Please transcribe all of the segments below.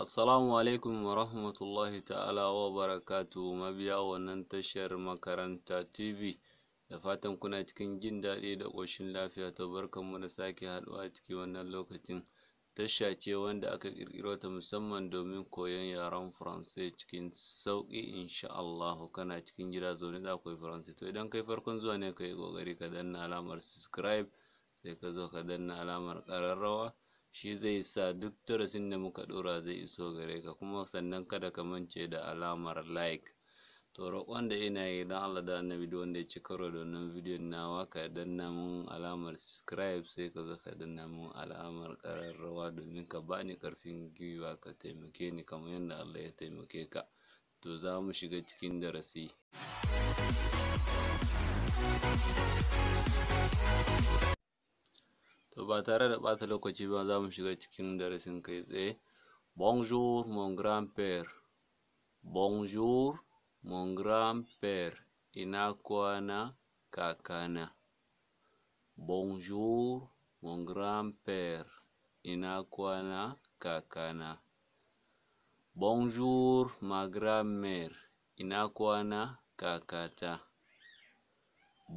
Assalamu alaikum wa rahmatullahi ta'ala wa barakatu mabiya wannan tashar makaranta TV da fatan kuna cikin jin daɗi da ƙoshin lafiya to mu da sake haɗuwa a cikin wannan lokacin tasha ce wanda aka ƙirƙiro ta musamman domin koyon yaren faransa cikin sauƙi insha Allahu kana cikin gida zaune za ku yi Faransai to idan kai farkon zuwa ne ka yi ƙoƙari ka danna alamar subscribe sai ka zo ka danna alamar ƙararrawa shi zai sa duk darasin da muka ɗora zai iso gare ka kuma sannan kada ka mance da alamar like to roƙon da ina yi don Allah da annabi duk wanda ya ci karo da wannan bidiyon nawa ka danna mun alamar subscribe sai ka zo ka danna mun alamar ƙararrawa domin ka bani ƙarfin gwiwa ka taimake ni kamar yadda Allah ya taimake ka to za mu shiga cikin darasi To ba tare da ɓata lokaci ba za mu shiga cikin darasin kai tsaye. Bonjour mon grand-père. Bonjour mon grand-père. Ina kwana kakana. Bonjour mon grand-père. Ina kwana kakana. Bonjour ma grand-mère. Ina kwana kakata.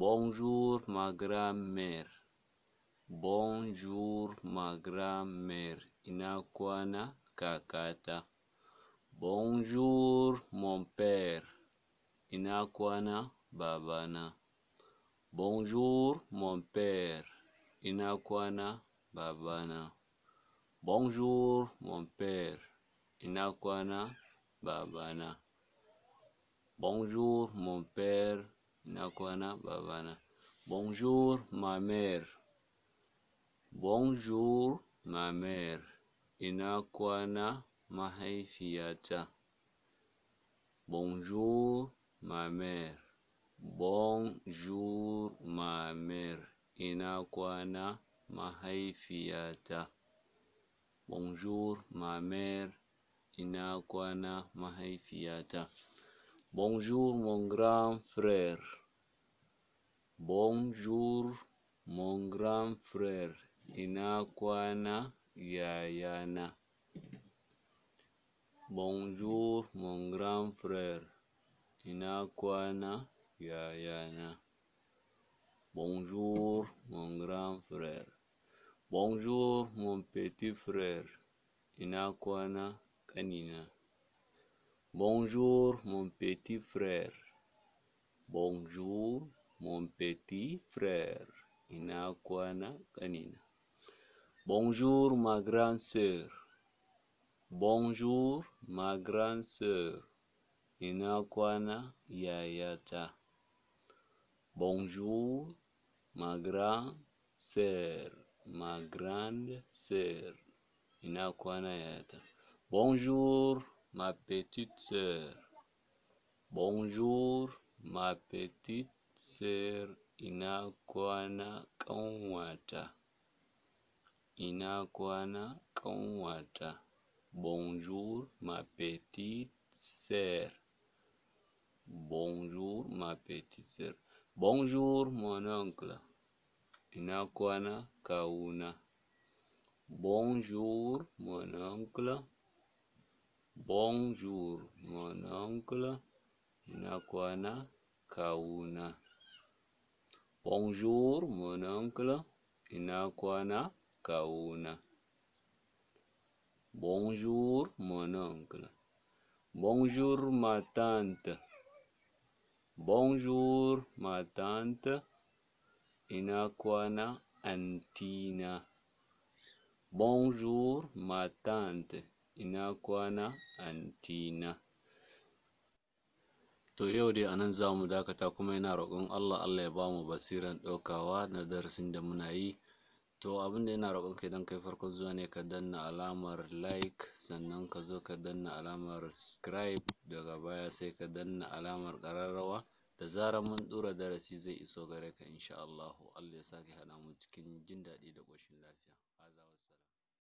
Bonjour ma grand-mère. Bonjour ma grand-mère, ina kwana kakata. Bonjour mon père, ina kwana babana. Bonjour mon père, ina kwana babana. Bonjour mon père, ina kwana babana. Bonjour mon père, ina kwana babana. Bonjour ma mère. Bonjour, ma mère. Ina kwana, mahaifiyata. Bonjour, ma mère. Bonjour, ma mère. Ina kwana, mahaifiyata. Bonjour, ma mère. Ina kwana, mahaifiyata. Bonjour, mon grand frère. Bonjour, mon grand frère. inakwana yayana. Bonjour mon grand frère. Ina yayana. Bonjour mon grand frère. Bonjour mon petit frère. Ina kanina. Bonjour mon petit frère. Bonjour mon petit frère. Ina kanina. Bonjour ma grande sœur. Bonjour ma grande sœur. Inakwana yayata. Bonjour ma grande sœur. Ma grande sœur. Inakwana yayata. Bonjour ma petite sœur. Bonjour ma petite sœur. Inakwana kanwata. Ina kwana ƙanwata bonjour ma petite sœur bonjour ma petite sœur bonjour mon oncle ina kwana kawuna bonjour mon oncle bonjour mon oncle ina kwana kawuna bonjour mon oncle ina kwana kawuna. Bonjour, mon oncle. Bonjour, ma tante. Bonjour, ma tante. Ina antina. Bonjour, ma tante. Inakwana antina. To yau dai anan za mu dakata kuma ina roƙon Allah Allah ya ba mu basiran ɗaukawa na darasin da muna yi. to abin da yana roƙon ka idan kai farko zuwa ne ka danna alamar like sannan ka zo ka danna alamar subscribe daga baya sai ka danna alamar ƙararrawa da zarar mun ɗora darasi zai iso gare ka insha Allah ya sake haɗa mu cikin jin daɗi da ƙoshin lafiya